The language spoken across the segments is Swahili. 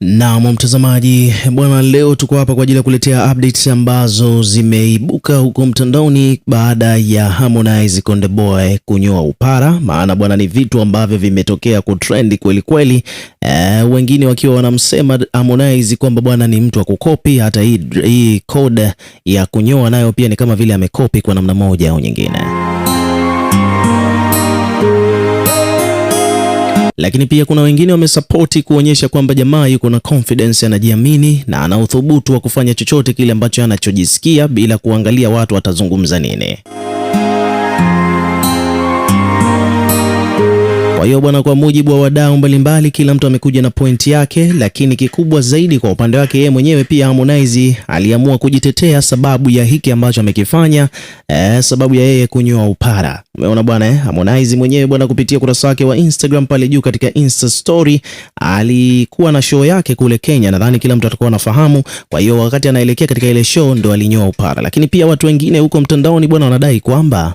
Naam mtazamaji bwana, leo tuko hapa kwa ajili ya kuletea updates ambazo zimeibuka huko mtandaoni baada ya Harmonize Konde Boy kunyoa upara. Maana bwana, ni vitu ambavyo vimetokea kutrendi kweli kweli. E, wengine wakiwa wanamsema Harmonize kwamba bwana ni mtu wa kukopi. Hata hii hii code ya kunyoa nayo pia ni kama vile amekopi kwa namna moja au nyingine. lakini pia kuna wengine wamesapoti kuonyesha kwamba jamaa yuko na confidence, anajiamini na ana uthubutu wa kufanya chochote kile ambacho anachojisikia bila kuangalia watu watazungumza nini. hiyo bwana, kwa mujibu wa wadau mbalimbali, kila mtu amekuja na pointi yake, lakini kikubwa zaidi kwa upande wake yeye mwenyewe pia Harmonize aliamua kujitetea sababu ya hiki ambacho amekifanya, eh, sababu ya yeye kunyoa upara. Umeona bwana, eh, Harmonize mwenyewe bwana, kupitia ukurasa wake wa Instagram pale juu katika Insta story alikuwa na show yake kule Kenya, nadhani kila mtu atakuwa anafahamu. Kwa hiyo wakati anaelekea katika ile show ndo alinyoa upara, lakini pia watu wengine huko mtandaoni bwana wanadai kwamba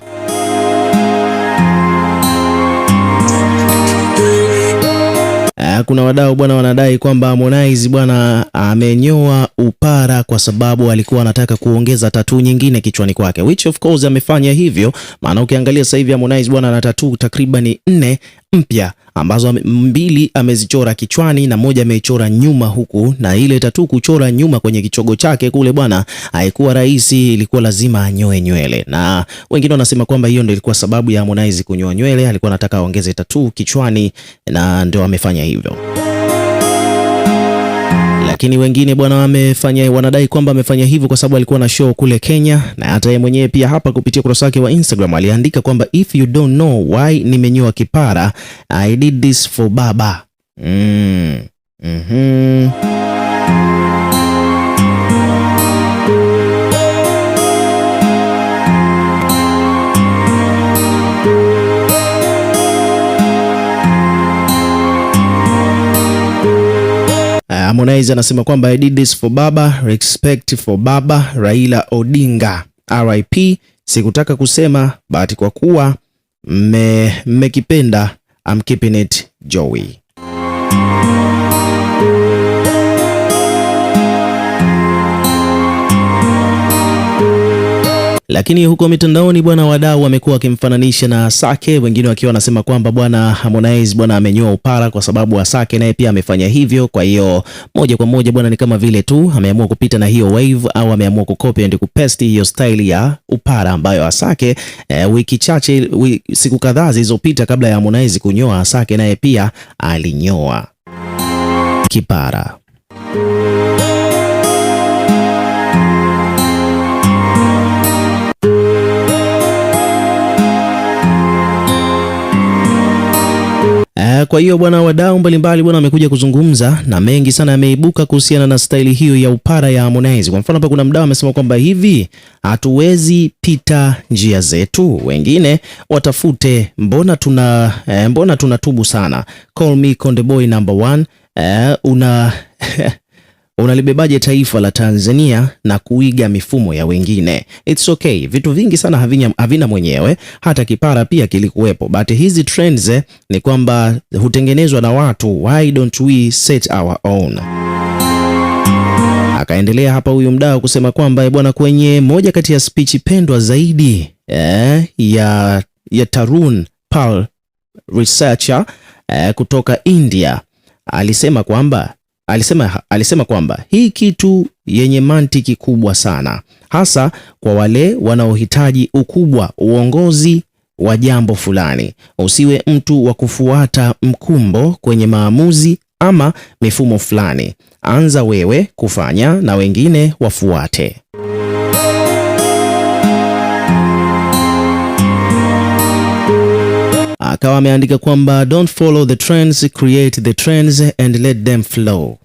Eh, kuna wadau bwana wanadai kwamba Harmonize bwana amenyoa upara kwa sababu alikuwa anataka kuongeza tatuu nyingine kichwani kwake, which of course amefanya hivyo, maana ukiangalia sasa hivi Harmonize bwana ana tatuu takribani nne mpya ambazo mbili amezichora kichwani na moja ameichora nyuma huku, na ile tatu kuchora nyuma kwenye kichogo chake kule bwana, haikuwa rahisi, ilikuwa lazima anyoe nywele, na wengine wanasema kwamba hiyo ndio ilikuwa sababu ya Harmonize kunyoa nywele, alikuwa anataka aongeze tatu kichwani na ndio amefanya hivyo lakini wengine bwana wamefanya wanadai kwamba amefanya hivyo kwa sababu alikuwa na show kule Kenya, na hata yeye mwenyewe pia hapa kupitia ukurasa wake wa Instagram aliandika kwamba if you don't know why nimenyoa kipara, I did this for baba. mm. mm -hmm. Harmonize anasema kwamba I did this for baba, respect for baba Raila Odinga RIP. Sikutaka kusema bahati kwa kuwa mmekipenda. I'm keeping it Joey. Lakini huko mitandaoni bwana, wadau wamekuwa wakimfananisha na Asake, wengine wakiwa wanasema kwamba bwana Harmonize bwana amenyoa upara kwa sababu Asake naye pia amefanya hivyo. Kwa hiyo moja kwa moja bwana, ni kama vile tu ameamua kupita na hiyo wave au ameamua kukopi and kupaste hiyo style ya upara ambayo Asake e, wiki chache wiki, siku kadhaa zilizopita kabla ya Harmonize kunyoa, Asake naye pia alinyoa kipara. Kwa hiyo bwana, wadau mbalimbali bwana wamekuja kuzungumza na mengi sana yameibuka kuhusiana na staili hiyo ya upara ya Harmonize. Kwa mfano hapa kuna mdau amesema kwamba hivi hatuwezi pita njia zetu, wengine watafute, mbona tuna eh, mbona tunatubu sana. Call me Konde Boy number one eh, una unalibebaje taifa la Tanzania na kuiga mifumo ya wengine? It's okay, vitu vingi sana havina, havina mwenyewe. Hata kipara pia kilikuwepo, but hizi trends eh, ni kwamba hutengenezwa na watu. Why don't we set our own? Akaendelea hapa huyu mdau kusema kwamba eh, bwana, kwenye moja kati ya spichi pendwa zaidi eh, ya, ya Tarun Pal researcher eh, kutoka India alisema kwamba Alisema, alisema kwamba hii kitu yenye mantiki kubwa sana hasa kwa wale wanaohitaji ukubwa uongozi wa jambo fulani. Usiwe mtu wa kufuata mkumbo kwenye maamuzi ama mifumo fulani. Anza wewe kufanya na wengine wafuate. akawa ameandika kwamba don't follow the trends, create the trends and let them flow.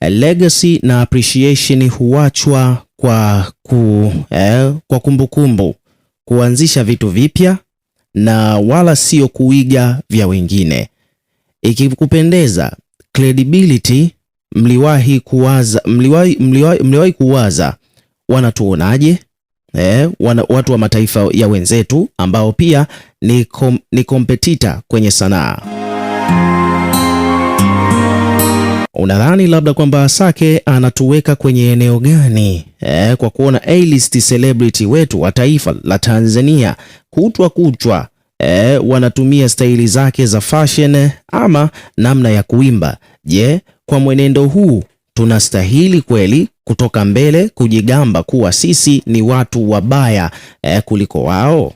A Legacy na appreciation huachwa kwa ku, eh, kwa kumbukumbu, kuanzisha vitu vipya na wala sio kuiga vya wengine. Ikikupendeza credibility, mliwahi kuwaza, mliwahi, mliwahi, mliwahi kuwaza wanatuonaje? eh, wana, watu wa mataifa ya wenzetu ambao pia ni, kom, ni kompetita kwenye sanaa. Unadhani labda kwamba Asake anatuweka kwenye eneo gani eh, kwa kuona A-list celebrity wetu wa taifa la Tanzania kutwa kuchwa eh, wanatumia staili zake za fashion ama namna ya kuimba? Je, kwa mwenendo huu tunastahili kweli kutoka mbele kujigamba kuwa sisi ni watu wabaya eh, kuliko wao?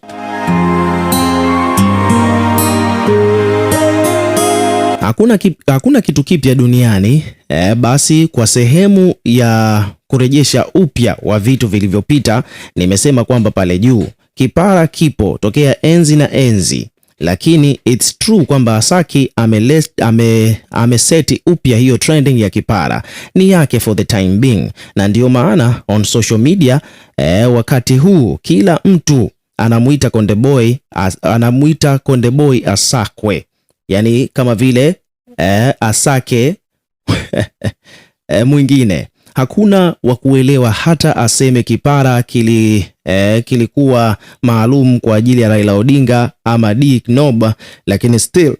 Hakuna, ki, hakuna kitu kipya duniani eh, basi kwa sehemu ya kurejesha upya wa vitu vilivyopita nimesema kwamba pale juu kipara kipo tokea enzi na enzi lakini it's true kwamba Asaki ameseti ame, ame upya hiyo trending ya kipara ni yake for the time being, na ndiyo maana on social media eh, wakati huu kila mtu anamuita Konde Boy as, anamuita Konde Boy Asakwe, yani kama vile eh, Asake eh, mwingine hakuna wa kuelewa hata aseme kipara kili eh, kilikuwa maalum kwa ajili ya Raila Odinga ama Dick Noba, lakini still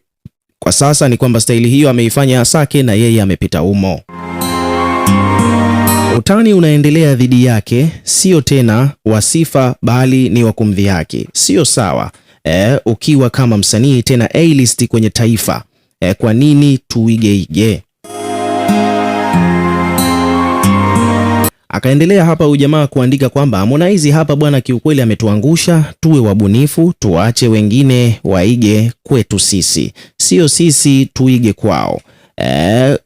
kwa sasa ni kwamba staili hiyo ameifanya Asake na yeye amepita umo. Utani unaendelea dhidi yake, sio tena wasifa bali ni wa kumdhihaki. Sio sawa eh, ukiwa kama msanii tena A-list kwenye taifa eh, kwa nini tuigeige? Akaendelea hapa huyu jamaa kuandika kwamba Harmonize hapa bwana, kiukweli ametuangusha. Tuwe wabunifu, tuache wengine waige kwetu sisi, sio sisi tuige kwao. E,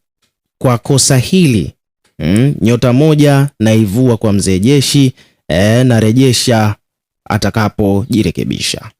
kwa kosa hili mm, nyota moja naivua kwa mzee Jeshi. E, narejesha atakapojirekebisha.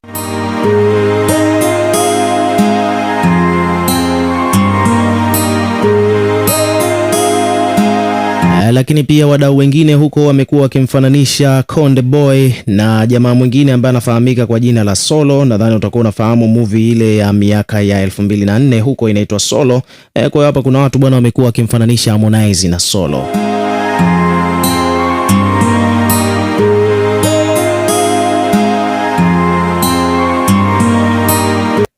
lakini pia wadau wengine huko wamekuwa wakimfananisha Konde Boy na jamaa mwingine ambaye anafahamika kwa jina la Solo. Nadhani utakuwa unafahamu movie ile ya miaka ya 2004 huko inaitwa Solo. E, kwa hiyo hapa kuna watu bwana wamekuwa wakimfananisha Harmonize na Solo.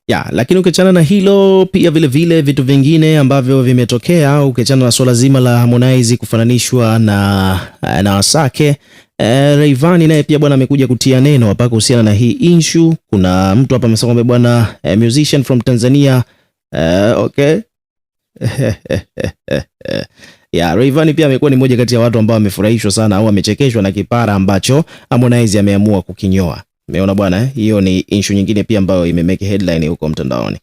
ya, lakini ukiachana na hilo pia vile vile vitu vingine ambavyo vimetokea, ukiachana na swala zima la Harmonize kufananishwa na, eh, na Wasake e, eh, Rayvanny naye pia bwana amekuja kutia neno hapa kuhusiana na hii issue. Kuna mtu hapa amesema kwamba bwana e, musician from Tanzania e, okay ya Rayvanny pia amekuwa ni mmoja kati ya watu ambao wamefurahishwa sana au amechekeshwa na kipara ambacho Harmonize ameamua kukinyoa. Umeona bwana, eh? hiyo ni issue nyingine pia ambayo imemake headline huko mtandaoni.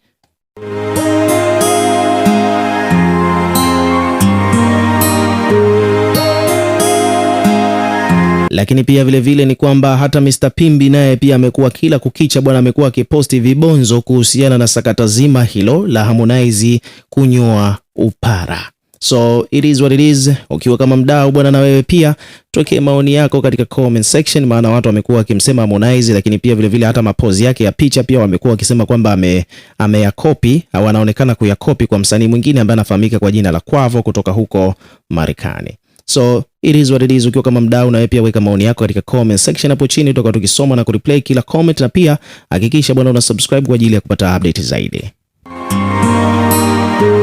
Lakini pia vile vile ni kwamba hata Mr Pimbi naye pia amekuwa kila kukicha bwana, amekuwa akiposti vibonzo kuhusiana na sakata zima hilo la Harmonize kunyoa upara. So it is what it is. Ukiwa kama mdau bwana, na wewe pia tuwekee maoni yako katika comment section, maana watu wamekuwa wakimsema Harmonize, lakini pia vile vile hata mapozi yake ya picha pia wamekuwa wakisema kwamba ame ameyakopi au anaonekana kuyakopi kwa msanii mwingine ambaye anafahamika kwa jina la Quavo kutoka huko Marekani. So it is what it is. Ukiwa kama mdau, nawe pia weka maoni yako katika comment section hapo chini, tutakuwa tukisoma na kureplay kila comment, na pia hakikisha bwana una subscribe kwa ajili ya kupata update zaidi.